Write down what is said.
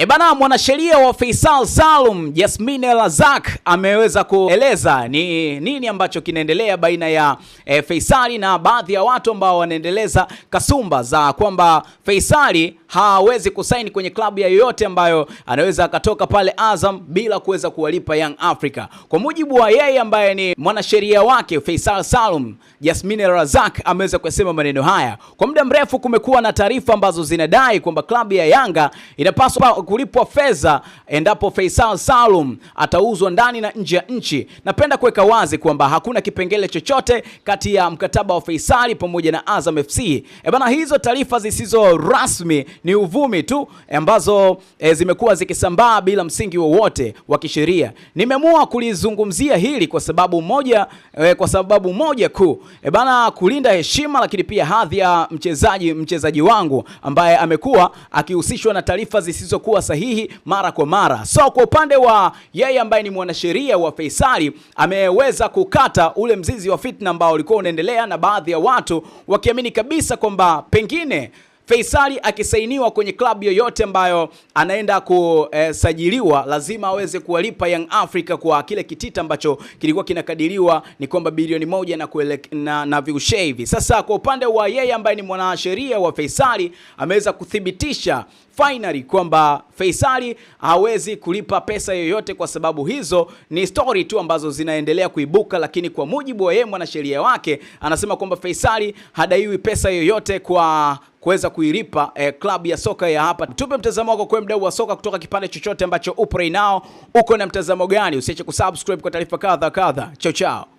Ebana, eh, mwanasheria wa Faisal Salum Jasmine Lazak ameweza kueleza ni nini ambacho kinaendelea baina ya e, Faisali na baadhi ya watu ambao wanaendeleza kasumba za kwamba Faisali hawezi kusaini kwenye klabu ya yoyote ambayo anaweza akatoka pale Azam bila kuweza kuwalipa Young Africa. Kwa mujibu wa yeye ambaye ni mwanasheria wake Faisal Salum, jasmine Razak ameweza kusema maneno haya. Kwa muda mrefu kumekuwa na taarifa ambazo zinadai kwamba klabu ya Yanga inapaswa kulipwa fedha endapo Faisal Salum atauzwa ndani na nje ya nchi. Napenda kuweka wazi kwamba hakuna kipengele chochote kati ya mkataba wa Faisali pamoja na Azam FC. Ebana, hizo taarifa zisizo rasmi ni uvumi tu ambazo e, zimekuwa zikisambaa bila msingi wowote wa kisheria. Nimeamua kulizungumzia hili kwa sababu moja, e, kwa sababu moja kuu e, bana, kulinda heshima lakini pia hadhi ya mchezaji mchezaji wangu ambaye amekuwa akihusishwa na taarifa zisizokuwa sahihi mara kwa mara. So kwa upande wa yeye ambaye ni mwanasheria wa Faisali ameweza kukata ule mzizi wa fitna ambao ulikuwa unaendelea na baadhi ya watu wakiamini kabisa kwamba pengine Faisali akisainiwa kwenye klabu yoyote ambayo anaenda kusajiliwa e, lazima aweze kuwalipa Young Africa kwa kile kitita ambacho kilikuwa kinakadiriwa ni kwamba bilioni moja na, na, na viushe hivi. Sasa kwa upande wa yeye ambaye ni mwanasheria wa Faisali ameweza kuthibitisha finally kwamba Faisali hawezi kulipa pesa yoyote, kwa sababu hizo ni story tu ambazo zinaendelea kuibuka, lakini kwa mujibu wa yeye mwanasheria wake anasema kwamba Faisali hadaiwi pesa yoyote kwa kuweza kuilipa eh, klabu ya soka ya hapa. Tupe mtazamo wako kwa mdau wa soka kutoka kipande chochote ambacho upo right now. Uko na mtazamo gani? Usiache kusubscribe kwa taarifa kadha kadha. Chao chao.